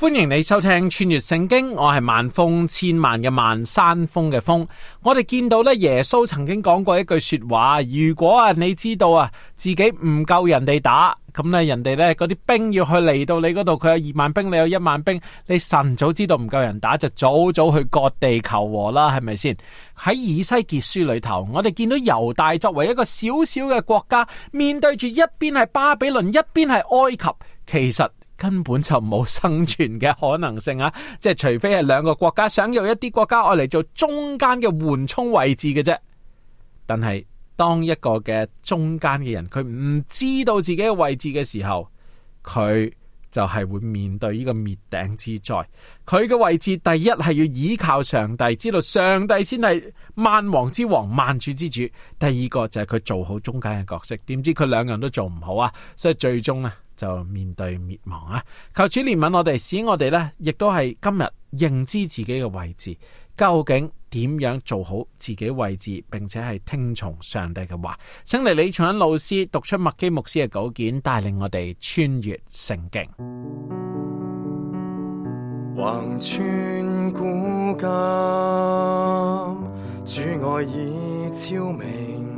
歡迎你收聽穿越聖經，我係萬峰，千萬嘅萬，山峰嘅峰。我哋見到咧，耶穌曾經講過一句說話：如果啊，你知道啊，自己唔夠人哋打，咁咧，人哋咧嗰啲兵要去嚟，到你嗰度，佢有二萬兵，有一萬兵，你有一萬兵，你晨早知道唔夠人打，就早早去割地求和啦，係咪先？喺以西結書裏頭，我哋見到猶大作為一個小小嘅國家，面對住一邊係巴比倫，一邊係埃及，其實。根本就冇生存嘅可能性啊！即係除非係兩個國家想用一啲國家愛嚟做中間嘅緩衝位置嘅啫。但係當一個嘅中間嘅人，佢唔知道自己嘅位置嘅時候，佢就係會面對呢個滅頂之災。佢嘅位置第一係要倚靠上帝，知道上帝先係萬王之王、萬主之主。第二個就係佢做好中間嘅角色。點知佢兩個人都做唔好啊，所以最終啊。就面對滅亡啊！求主憐憫我哋，使我哋呢亦都係今日認知自己嘅位置，究竟點樣做好自己位置，並且係聽從上帝嘅話。請嚟李長恩老師讀出麥基牧師嘅稿件，帶領我哋穿越聖經。橫穿古今，主愛已超明。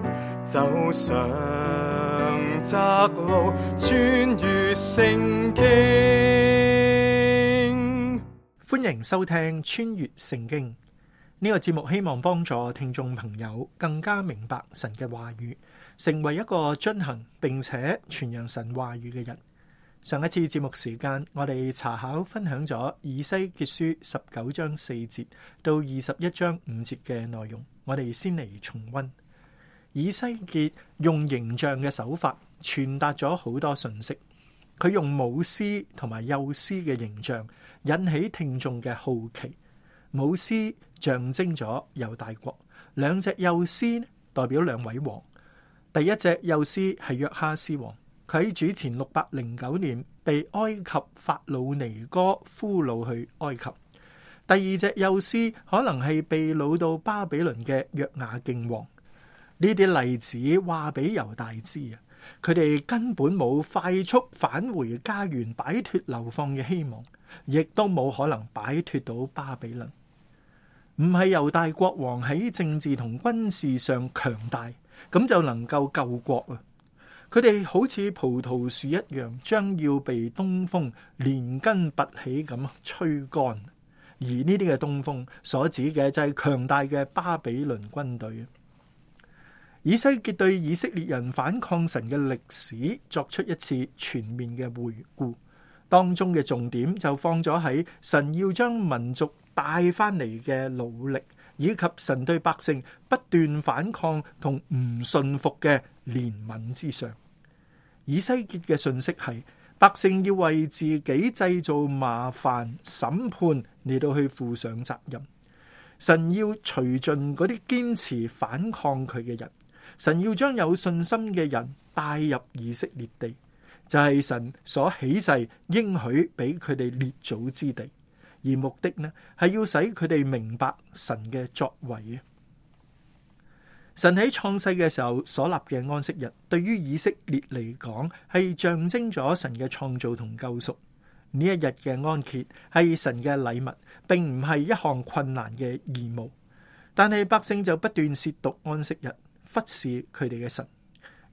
走上窄路，穿越聖經。歡迎收聽《穿越聖經》呢個節目，希望幫助聽眾朋友更加明白神嘅話語，成為一個遵行並且傳揚神話語嘅人。上一次節目時間，我哋查考分享咗以西結書十九章四節到二十一章五節嘅內容，我哋先嚟重溫。以西結用形象嘅手法傳達咗好多信息。佢用母獅同埋幼獅嘅形象引起聽眾嘅好奇。母獅象徵咗猶大國，兩隻幼獅代表兩位王。第一隻幼獅係約哈斯王，佢喺主前六百零九年被埃及法魯尼哥俘虜去埃及。第二隻幼獅可能係被擄到巴比倫嘅約雅敬王。呢啲例子話俾猶大知啊，佢哋根本冇快速返回家園、擺脫流放嘅希望，亦都冇可能擺脫到巴比倫。唔係猶大國王喺政治同軍事上強大，咁就能夠救國啊！佢哋好似葡萄樹一樣，將要被東風連根拔起咁吹乾。而呢啲嘅東風所指嘅就係強大嘅巴比倫軍隊。以西結對以色列人反抗神嘅歷史作出一次全面嘅回顧，當中嘅重點就放咗喺神要將民族帶翻嚟嘅努力，以及神對百姓不斷反抗同唔順服嘅憐憫之上。以西結嘅信息係百姓要為自己製造麻煩、審判嚟到去負上責任，神要除盡嗰啲堅持反抗佢嘅人。神要將有信心嘅人帶入以色列地，就係神所起誓應許俾佢哋列祖之地。而目的呢，係要使佢哋明白神嘅作為啊。神喺創世嘅時候所立嘅安息日，對於以色列嚟講，係象徵咗神嘅創造同救贖。呢一日嘅安歇，係神嘅禮物，並唔係一項困難嘅義務。但係百姓就不斷褻瀆安息日。忽視佢哋嘅神，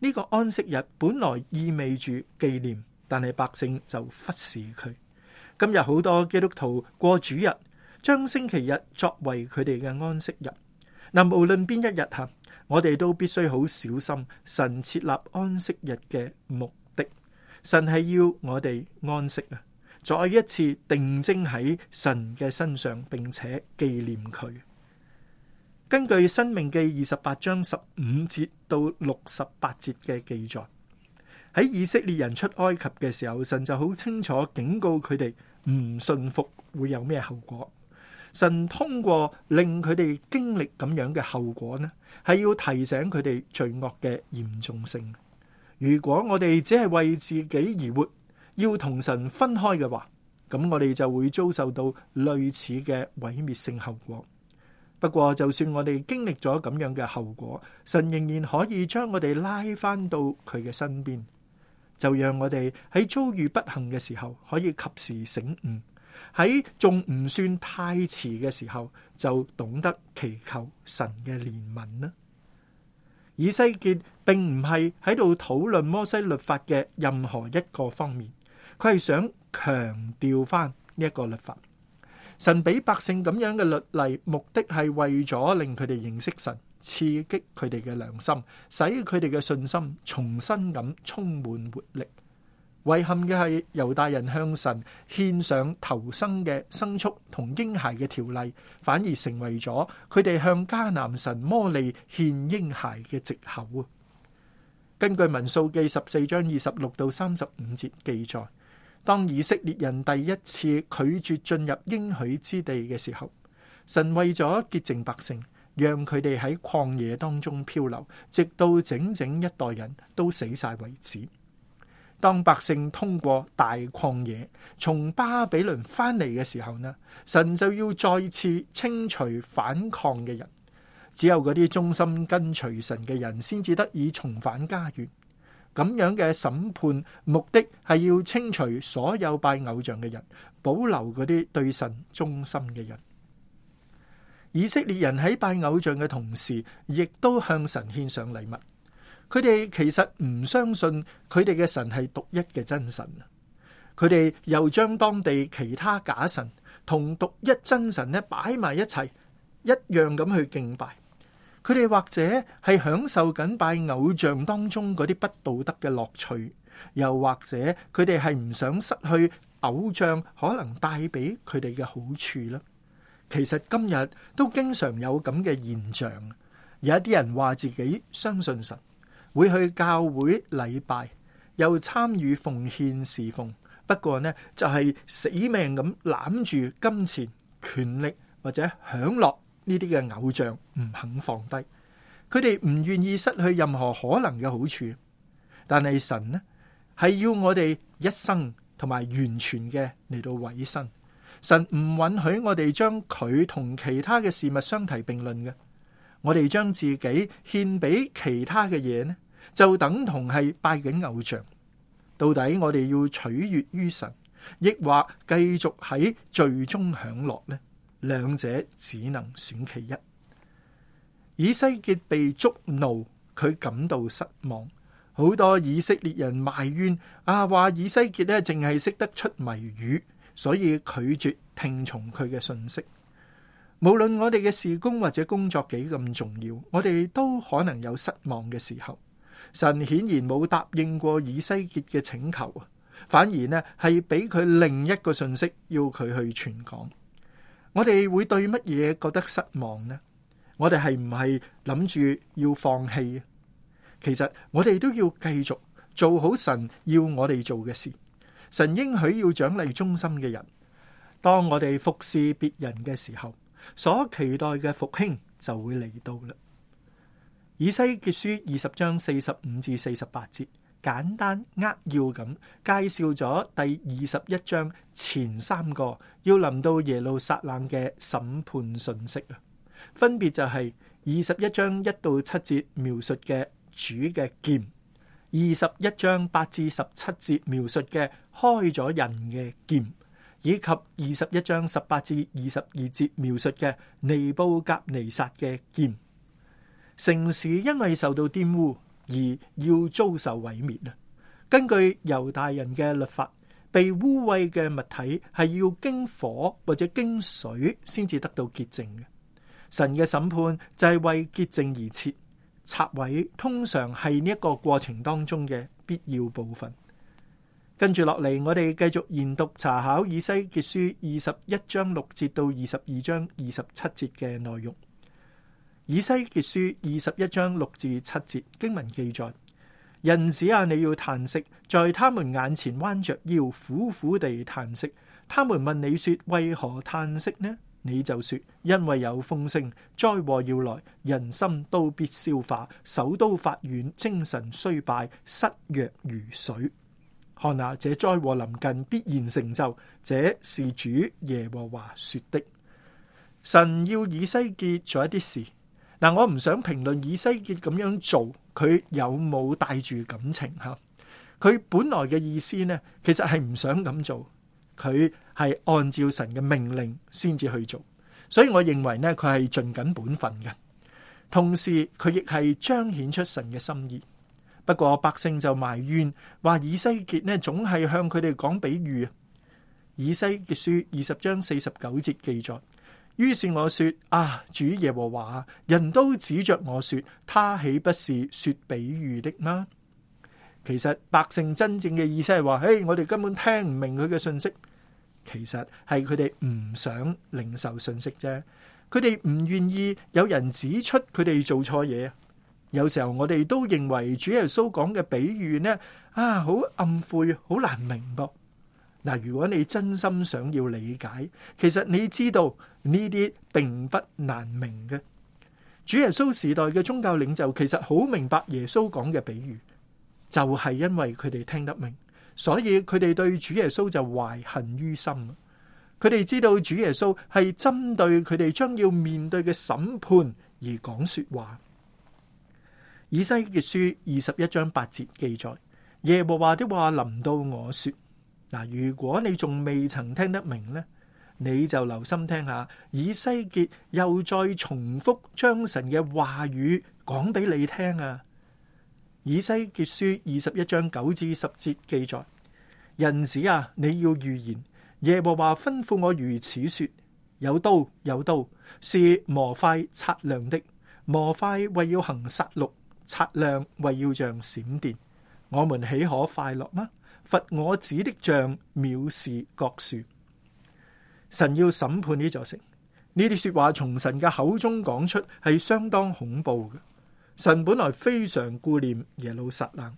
呢個安息日本來意味住紀念，但係百姓就忽視佢。今日好多基督徒過主日，將星期日作為佢哋嘅安息日。嗱，無論邊一日吓，我哋都必須好小心神設立安息日嘅目的。神係要我哋安息啊，再一次定睛喺神嘅身上，並且紀念佢。根據《申命記》二十八章十五節到六十八節嘅記載，喺以色列人出埃及嘅時候，神就好清楚警告佢哋唔順服會有咩後果。神通過令佢哋經歷咁樣嘅後果呢，係要提醒佢哋罪惡嘅嚴重性。如果我哋只係為自己而活，要同神分開嘅話，咁我哋就會遭受到類似嘅毀滅性後果。不過，就算我哋經歷咗咁樣嘅後果，神仍然可以將我哋拉翻到佢嘅身邊，就讓我哋喺遭遇不幸嘅時候可以及時醒悟，喺仲唔算太遲嘅時候就懂得祈求神嘅憐憫啦。以西結並唔係喺度討論摩西律法嘅任何一個方面，佢係想強調翻呢一個律法。神俾百姓咁樣嘅律例，目的係為咗令佢哋認識神，刺激佢哋嘅良心，使佢哋嘅信心重新咁充滿活力。遺憾嘅係，猶大人向神獻上頭生嘅牲畜同嬰孩嘅條例，反而成為咗佢哋向迦南神摩利獻嬰孩嘅借口。根據民數記十四章二十六到三十五節記載。當以色列人第一次拒絕進入應許之地嘅時候，神為咗潔淨百姓，讓佢哋喺曠野當中漂流，直到整整一代人都死晒為止。當百姓通過大曠野，從巴比倫翻嚟嘅時候呢，神就要再次清除反抗嘅人，只有嗰啲忠心跟隨神嘅人，先至得以重返家園。咁樣嘅審判目的係要清除所有拜偶像嘅人，保留嗰啲對神忠心嘅人。以色列人喺拜偶像嘅同時，亦都向神獻上禮物。佢哋其實唔相信佢哋嘅神係獨一嘅真神，佢哋又將當地其他假神同獨一真神咧擺埋一齊，一樣咁去敬拜。佢哋或者係享受緊拜偶像當中嗰啲不道德嘅樂趣，又或者佢哋係唔想失去偶像可能帶俾佢哋嘅好處啦。其實今日都經常有咁嘅現象，有一啲人話自己相信神，會去教會禮拜，又參與奉獻侍奉，不過呢，就係死命咁攬住金錢、權力或者享樂。呢啲嘅偶像唔肯放低，佢哋唔願意失去任何可能嘅好處，但係神呢係要我哋一生同埋完全嘅嚟到委身，神唔允許我哋將佢同其他嘅事物相提並論嘅，我哋將自己獻俾其他嘅嘢呢，就等同係拜緊偶像。到底我哋要取悅於神，抑或繼續喺罪中享樂呢？兩者只能選其一。以西結被捉弄，佢感到失望。好多以色列人埋怨啊，話以西結咧淨係識得出謎語，所以拒絕聽從佢嘅信息。無論我哋嘅事工或者工作幾咁重要，我哋都可能有失望嘅時候。神顯然冇答應過以西結嘅請求啊，反而咧係俾佢另一個信息，要佢去傳講。我哋會對乜嘢覺得失望呢？我哋係唔係諗住要放棄？其實我哋都要繼續做好神要我哋做嘅事。神應許要獎勵忠心嘅人。當我哋服侍別人嘅時候，所期待嘅復興就會嚟到啦。以西結書二十章四十五至四十八節。簡單扼要咁介紹咗第二十一章前三個要臨到耶路撒冷嘅審判信息啊，分別就係二十一章一到七節描述嘅主嘅劍，二十一章八至十七節描述嘅開咗人嘅劍，以及二十一章十八至二十二節描述嘅尼布甲尼撒嘅劍。城市因為受到玷污。而要遭受毀滅啊！根據猶大人嘅律法，被污穢嘅物體係要經火或者經水先至得到潔淨嘅。神嘅審判就係為潔淨而設，拆毀通常係呢一個過程當中嘅必要部分。跟住落嚟，我哋繼續研讀查考以西結書二十一章六節到二十二章二十七節嘅內容。以西結書二十一章六至七節經文記載：人子啊，你要嘆息，在他們眼前彎着腰，苦苦地嘆息。他們問你說：為何嘆息呢？你就說：因為有風聲災禍要來，人心都必消化，手都發軟，精神衰敗，失弱如水。看哪，這災禍臨近，必然成就。這是主耶和華說的。神要以西結做一啲事。嗱，我唔想評論以西結咁樣做，佢有冇帶住感情吓？佢本來嘅意思呢，其實係唔想咁做，佢係按照神嘅命令先至去做，所以我認為呢，佢係盡緊本分嘅。同時，佢亦係彰顯出神嘅心意。不過百姓就埋怨，話以西結呢，總係向佢哋講比喻。以西結書二十章四十九節記載。於是我說：啊，主耶和華，人都指着我說，他豈不是說比喻的嗎？其實百姓真正嘅意思係話：誒，我哋根本聽唔明佢嘅信息。其實係佢哋唔想領受信息啫。佢哋唔願意有人指出佢哋做錯嘢。有時候我哋都認為主耶穌講嘅比喻呢，啊，好暗晦，好難明白。嗱，如果你真心想要理解，其實你知道。呢啲並不難明嘅，主耶穌時代嘅宗教領袖其實好明白耶穌講嘅比喻，就係因為佢哋聽得明，所以佢哋對主耶穌就懷恨於心啦。佢哋知道主耶穌係針對佢哋將要面對嘅審判而講說話。以西結書二十一章八節記載：耶和華的話臨到我說，嗱，如果你仲未曾聽得明呢。你就留心聽下，以西結又再重複將神嘅話語講俾你聽啊！以西結書二十一章九至十節記載：人子啊，你要預言。耶和華吩咐我如此說：有刀，有刀，是磨快、擦亮的；磨快為要行殺戮，擦亮為要像閃電。我們豈可快樂嗎？罰我子的杖藐視各樹。神要審判呢座城，呢啲說話從神嘅口中講出，係相當恐怖嘅。神本來非常顧念耶路撒冷。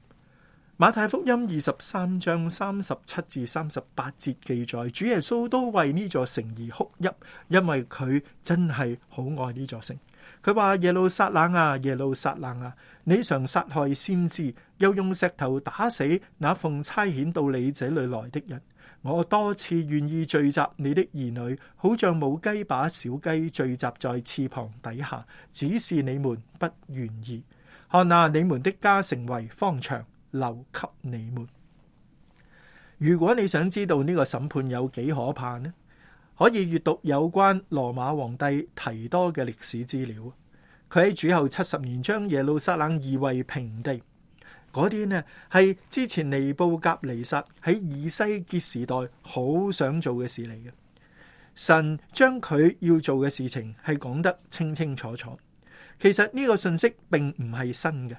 馬太福音二十三章三十七至三十八節記載，主耶穌都為呢座城而哭泣，因為佢真係好愛呢座城。佢話：耶路撒冷啊，耶路撒冷啊，你常殺害先知，又用石頭打死那奉差遣到你這裏來的人。我多次願意聚集你的兒女，好像母雞把小雞聚集在翅膀底下，只是你們不願意。看哪，你們的家成為荒場，留給你們。如果你想知道呢個審判有幾可怕呢？可以閱讀有關羅馬皇帝提多嘅歷史資料。佢喺主後七十年將耶路撒冷夷為平地。嗰啲呢係之前尼布甲尼撒喺以西結時代好想做嘅事嚟嘅。神將佢要做嘅事情係講得清清楚楚。其實呢個信息並唔係新嘅。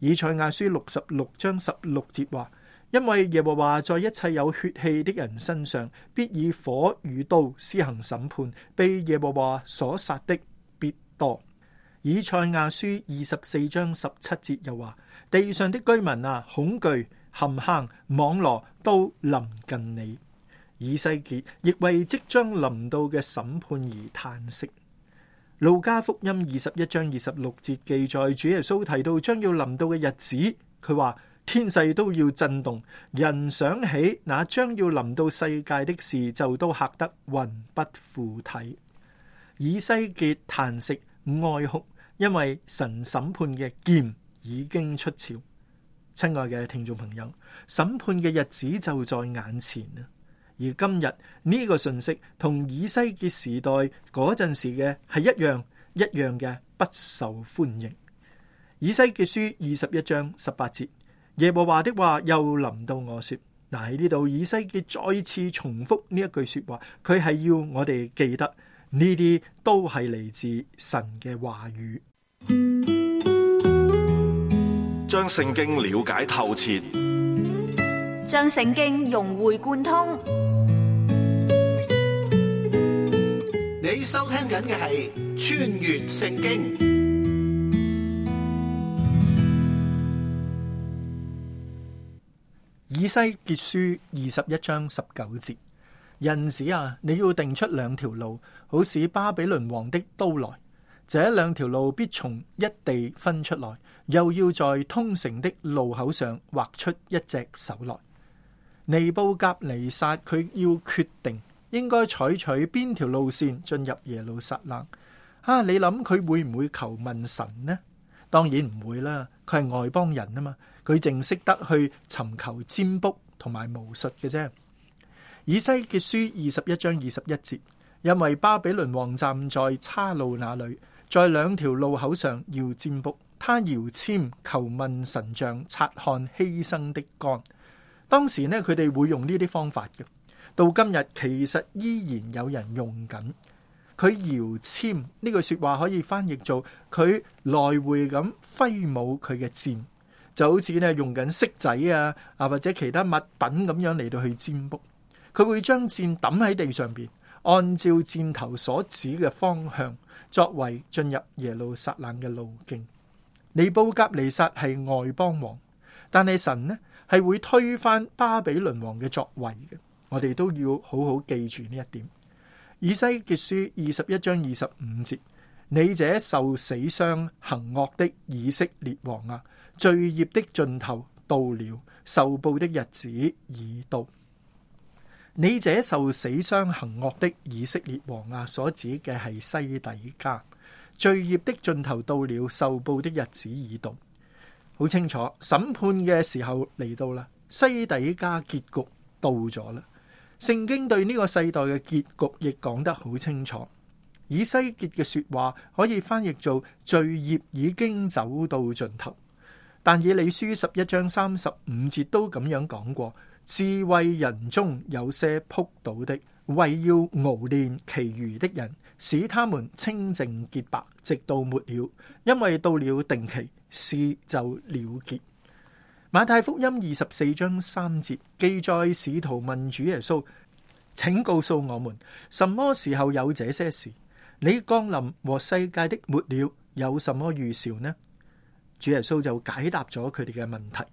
以賽亞書六十六章十六節話：「因為耶和華在一切有血氣的人身上必以火與刀施行審判，被耶和華所殺的必多。以賽亞書二十四章十七節又話：地上的居民啊，恐懼、陷坑、網羅都臨近你。以西結亦為即將臨到嘅審判而嘆息。路加福音二十一章二十六節記載，主耶穌提到將要臨到嘅日子，佢話天勢都要震動，人想起那將要臨到世界的事，就都嚇得魂不附體。以西結嘆息、哀哭，因為神審判嘅劍。已經出朝，親愛嘅聽眾朋友，審判嘅日子就在眼前啦。而今日呢個信息同以西結時代嗰陣時嘅係一樣，一樣嘅不受歡迎。以西結書二十一章十八節，耶和華的話又臨到我說：嗱，喺呢度，以西結再次重複呢一句說話，佢係要我哋記得呢啲都係嚟自神嘅話語。將聖經了解透徹，嗯，將聖經融會貫通。你收聽緊嘅係《穿越聖經》。以西結書二十一章十九節，人子啊，你要定出兩條路，好使巴比倫王的刀來。這兩條路必從一地分出來，又要在通城的路口上畫出一隻手來。尼布甲尼撒，佢要決定應該採取邊條路綫進入耶路撒冷。啊，你諗佢會唔會求問神呢？當然唔會啦，佢係外邦人啊嘛，佢淨識得去尋求占卜同埋巫術嘅啫。以西結書二十一章二十一節，因為巴比倫王站在岔路那裏。在兩條路口上要占卜，他搖籤求問神像，察看犧牲的肝。當時呢，佢哋會用呢啲方法嘅，到今日其實依然有人用緊。佢搖籤呢句說話可以翻譯做「佢來回咁揮舞佢嘅箭」，就好似呢用緊骰仔啊啊或者其他物品咁樣嚟到去占卜。佢會將箭抌喺地上邊。按照箭頭所指嘅方向，作為進入耶路撒冷嘅路徑。尼布甲尼撒係外邦王，但係神呢係會推翻巴比倫王嘅作為嘅。我哋都要好好記住呢一點。以西結書二十一章二十五節：你這受死傷行惡的以色列王啊，罪孽的盡頭到了，受報的日子已到。你這受死傷行惡的以色列王啊，所指嘅係西底家，罪孽的盡頭到了，受報的日子已到。好清楚，審判嘅時候嚟到啦，西底家結局到咗啦。聖經對呢個世代嘅結局亦講得好清楚。以西結嘅說話可以翻譯做罪孽已經走到盡頭，但以理書十一章三十五節都咁樣講過。智慧人中有些撲倒的，為要熬練其餘的人，使他們清淨潔白，直到末了。因為到了定期，事就了結。馬太福音二十四章三節記載，使徒問主耶穌：請告訴我們，什麼時候有這些事？你降臨和世界的末了有什麼預兆呢？主耶穌就解答咗佢哋嘅問題。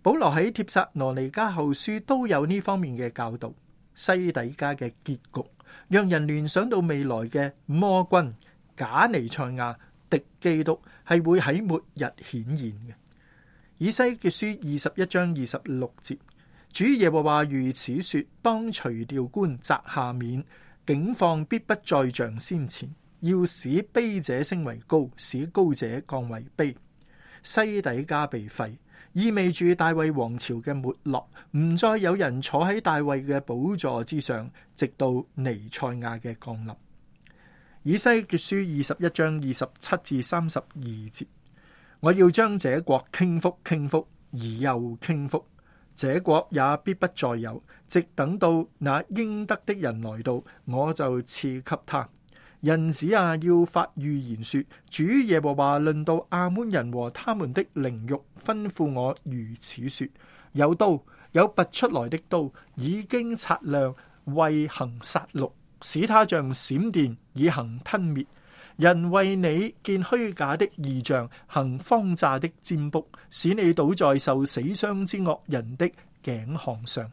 保羅喺帖撒羅尼加後書都有呢方面嘅教導。西底家嘅結局，讓人聯想到未來嘅魔君假尼賽亞敵基督係會喺末日顯現嘅。以西結書二十一章二十六節，主耶和華如此說：當除掉冠，摘下冕，景況必不再像先前，要使卑者升為高，使高者降為卑。西底家被廢。意味住大衛王朝嘅沒落，唔再有人坐喺大衛嘅寶座之上，直到彌賽亞嘅降臨。以西結書二十一章二十七至三十二節，我要將這國傾覆，傾覆而又傾覆，這國也必不再有，直等到那應得的人來到，我就賜給他。人子啊，要發預言說，主耶和華論到亞捫人和他們的凌辱，吩咐我如此說：有刀，有拔出來的刀，已經擦亮，為行殺戮，使他像閃電以行吞滅。人為你見虛假的異象，行謊詐的占卜，使你倒在受死傷之惡人的頸項上。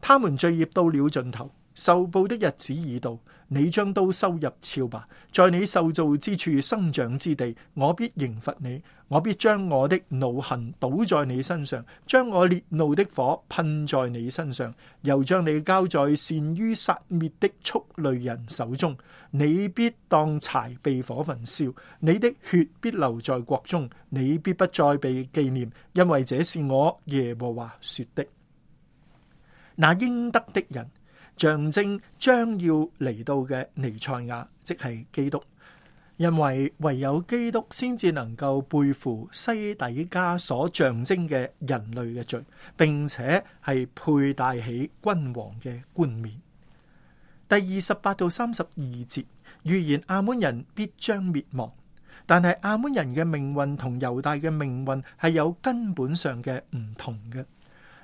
他們罪孽到了盡頭。受報的日子已到，你將刀收入鞘吧。在你受造之處、生長之地，我必刑罰你。我必將我的怒恨倒在你身上，將我烈怒的火噴在你身上，又將你交在善於殺滅的畜類人手中。你必當柴被火焚燒，你的血必留在國中。你必不再被紀念，因為這是我耶和華說的。那應得的人。象徵將要嚟到嘅彌賽亞，即係基督。因為唯有基督先至能夠背負西底家所象徵嘅人類嘅罪，並且係佩戴起君王嘅冠冕。第二十八到三十二節預言亞捫人必將滅亡，但係亞捫人嘅命運同猶大嘅命運係有根本上嘅唔同嘅。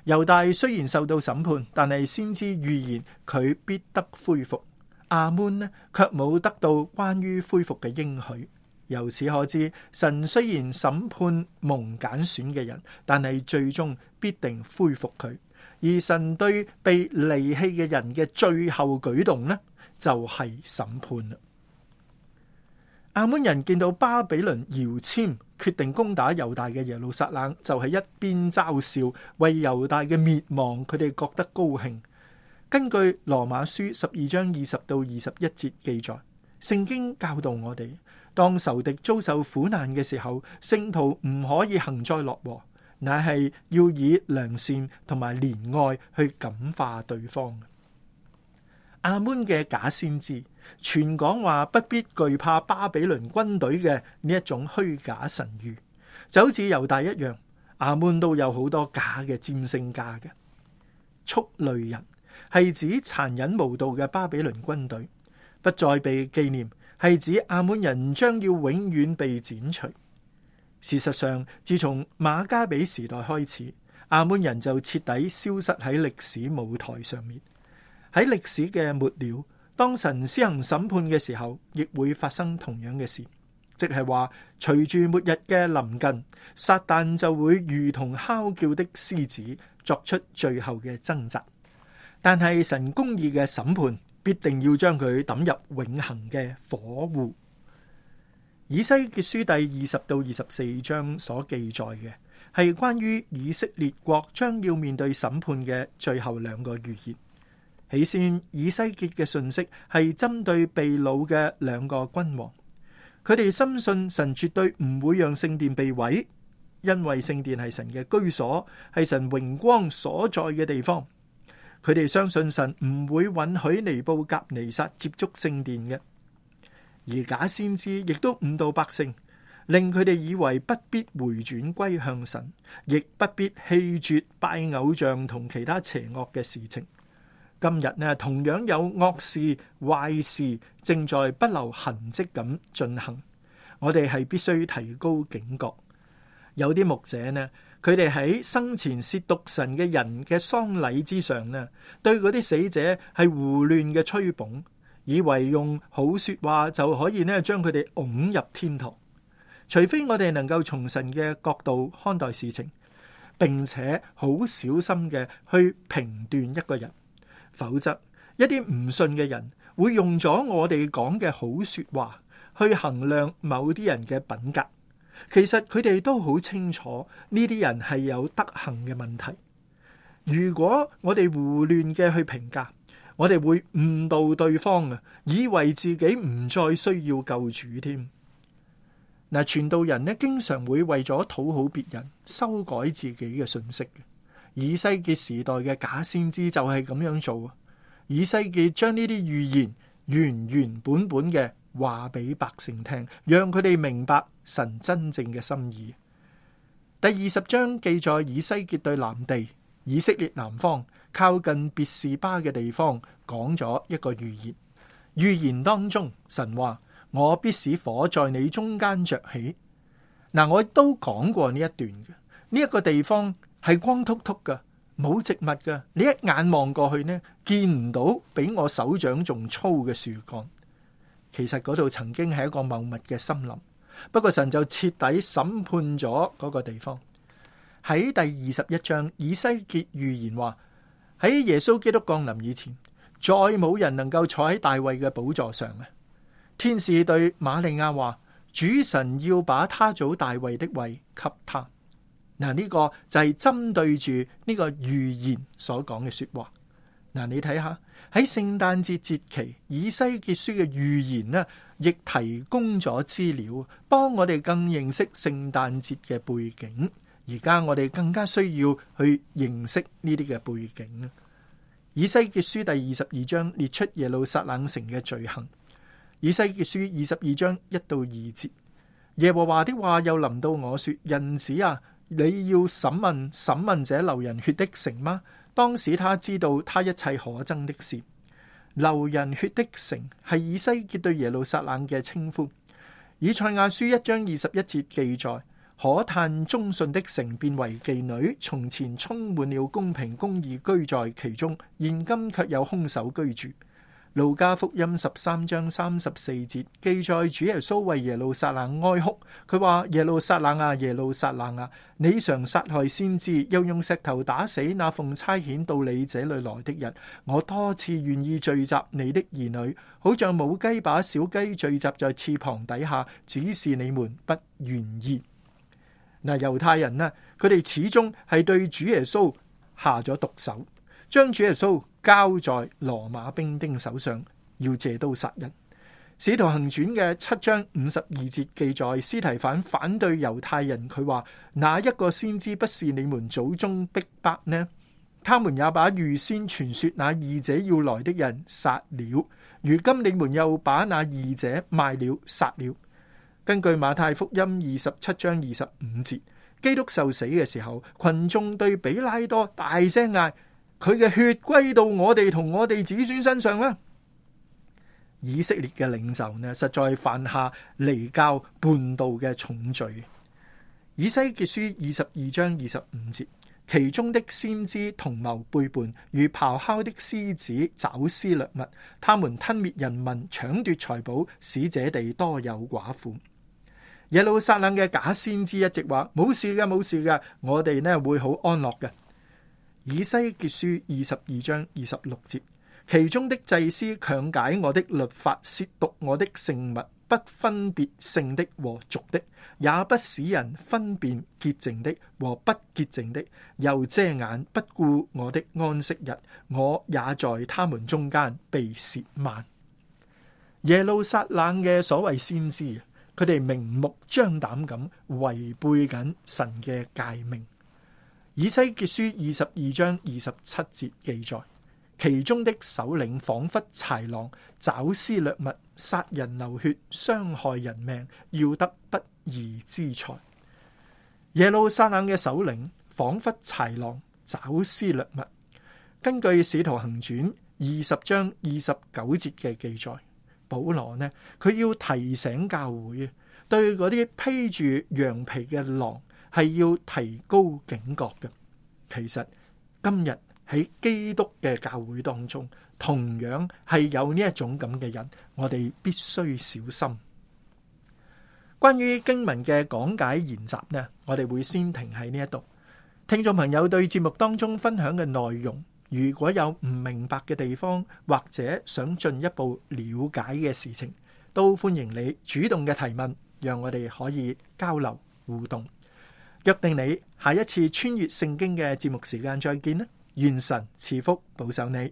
猶大雖然受到審判，但係先知預言佢必得恢復。亞捫呢，卻冇得到關於恢復嘅應許。由此可知，神雖然審判蒙揀選嘅人，但係最終必定恢復佢。而神對被離棄嘅人嘅最後舉動呢，就係、是、審判啦。亞捫人見到巴比倫搖籤。決定攻打猶大嘅耶路撒冷，就係一邊嘲笑為猶大嘅滅亡，佢哋覺得高興。根據羅馬書十二章二十到二十一節記載，聖經教導我哋，當仇敵遭受苦難嘅時候，聖徒唔可以幸災樂禍，乃係要以良善同埋憐愛去感化對方。阿門嘅假先知，傳講話不必懼怕巴比倫軍隊嘅呢一種虛假神諭，就好似猶大一樣，阿門都有好多假嘅占星家嘅。畜類人係指殘忍無道嘅巴比倫軍隊，不再被紀念，係指阿門人將要永遠被剪除。事實上，自從馬加比時代開始，阿門人就徹底消失喺歷史舞台上面。喺歷史嘅末了，當神施行審判嘅時候，亦會發生同樣嘅事，即係話隨住末日嘅臨近，撒旦就會如同哮叫的獅子，作出最後嘅掙扎。但係神公義嘅審判必定要將佢抌入永恆嘅火湖。以西結書第二十到二十四章所記載嘅，係關於以色列國將要面對審判嘅最後兩個預言。起先以西結嘅信息係針對被擄嘅兩個君王，佢哋深信神絕對唔會讓聖殿被毀，因為聖殿係神嘅居所，係神榮光所在嘅地方。佢哋相信神唔會允許尼布甲尼撒接觸聖殿嘅，而假先知亦都誤導百姓，令佢哋以為不必回轉歸向神，亦不必棄絕拜偶像同其他邪惡嘅事情。今日呢，同樣有惡事壞事正在不留痕跡咁進行。我哋係必須提高警覺。有啲牧者呢，佢哋喺生前褻瀆神嘅人嘅喪禮之上呢，對嗰啲死者係胡亂嘅吹捧，以為用好說話就可以呢，將佢哋擁入天堂。除非我哋能夠從神嘅角度看待事情，並且好小心嘅去評斷一個人。否則，一啲唔信嘅人會用咗我哋講嘅好說話去衡量某啲人嘅品格。其實佢哋都好清楚呢啲人係有德行嘅問題。如果我哋胡亂嘅去評價，我哋會誤導對方啊！以為自己唔再需要救主添。嗱，傳道人咧經常會為咗討好別人，修改自己嘅信息。以西結時代嘅假先知就係咁樣做。以西結將呢啲預言原原本本嘅話俾百姓聽，讓佢哋明白神真正嘅心意。第二十章記載，以西結對南地、以色列南方、靠近別士巴嘅地方講咗一個預言。預言當中，神話：我必使火在你中間着起。嗱，我都講過呢一段嘅，呢一個地方。係光禿禿嘅，冇植物嘅。你一眼望過去呢，見唔到比我手掌仲粗嘅樹幹。其實嗰度曾經係一個茂密嘅森林，不過神就徹底審判咗嗰個地方。喺第二十一章，以西結預言話，喺耶穌基督降臨以前，再冇人能夠坐喺大衛嘅寶座上咧。天使對瑪利亞話，主神要把他祖大衛的位給他。嗱，呢個就係針對住呢個預言所講嘅説話。嗱，你睇下喺聖誕節節期，以西結書嘅預言呢，亦提供咗資料，幫我哋更認識聖誕節嘅背景。而家我哋更加需要去認識呢啲嘅背景。以西結書第二十二章列出耶路撒冷城嘅罪行。以西結書二十二章一到二節，耶和華的話又臨到我，說：人子啊！你要審問審問者流人血的城嗎？當使他知道他一切可憎的事。流人血的城係以西結對耶路撒冷嘅稱呼。以賽亞書一章二十一節記載：可嘆忠信的城變為妓女，從前充滿了公平公義居在其中，現今却有凶手居住。路加福音十三章三十四節記載，主耶穌為耶路撒冷哀哭，佢話：耶路撒冷啊，耶路撒冷啊，你常殺害先知，又用石頭打死那奉差遣到你這裡來的人。我多次願意聚集你的兒女，好像母雞把小雞聚集在翅膀底下，只是你們不願意。嗱，猶太人呢，佢哋始終係對主耶穌下咗毒手。將主耶穌交在羅馬兵丁手上，要借刀殺人。使徒行傳嘅七章五十二節記載，斯提反反對猶太人，佢話：哪一個先知不是你們祖宗逼迫呢？他們也把預先傳說那義者要來的人殺了。如今你們又把那義者賣了殺了。根據馬太福音二十七章二十五節，基督受死嘅時候，群眾對比拉多大聲嗌。佢嘅血歸到我哋同我哋子孫身上啦！以色列嘅領袖呢，實在犯下離經叛道嘅重罪。以西結書二十二章二十五節，其中的先知同謀背叛，如咆哮的獅子，抓撕掠物，他們吞滅人民，搶奪財寶，使這地多有寡婦。耶路撒冷嘅假先知一直話冇事嘅，冇事嘅，我哋呢會好安樂嘅。以西結書二十二章二十六節，其中的祭司強解我的律法，褻瀆我的聖物，不分別聖的和俗的，也不使人分辨潔淨的和不潔淨的，又遮眼不顧我的安息日，我也在他們中間被褻慢。耶路撒冷嘅所謂先知，佢哋明目張膽咁違背緊神嘅誡命。以西結書二十二章二十七節記載，其中的首領仿佛豺狼，抓撕掠物，殺人流血，傷害人命，要得不義之財。耶路撒冷嘅首領仿佛豺狼，抓撕掠物。根據使徒行傳二十章二十九節嘅記載，保羅呢，佢要提醒教會啊，對嗰啲披住羊皮嘅狼。係要提高警覺嘅。其實今日喺基督嘅教會當中，同樣係有呢一種咁嘅人，我哋必須小心。關於經文嘅講解研習呢，我哋會先停喺呢一度。聽眾朋友對節目當中分享嘅內容，如果有唔明白嘅地方，或者想進一步了解嘅事情，都歡迎你主動嘅提問，讓我哋可以交流互動。約定你下一次穿越聖經嘅節目時間再見啦！願神賜福保守你。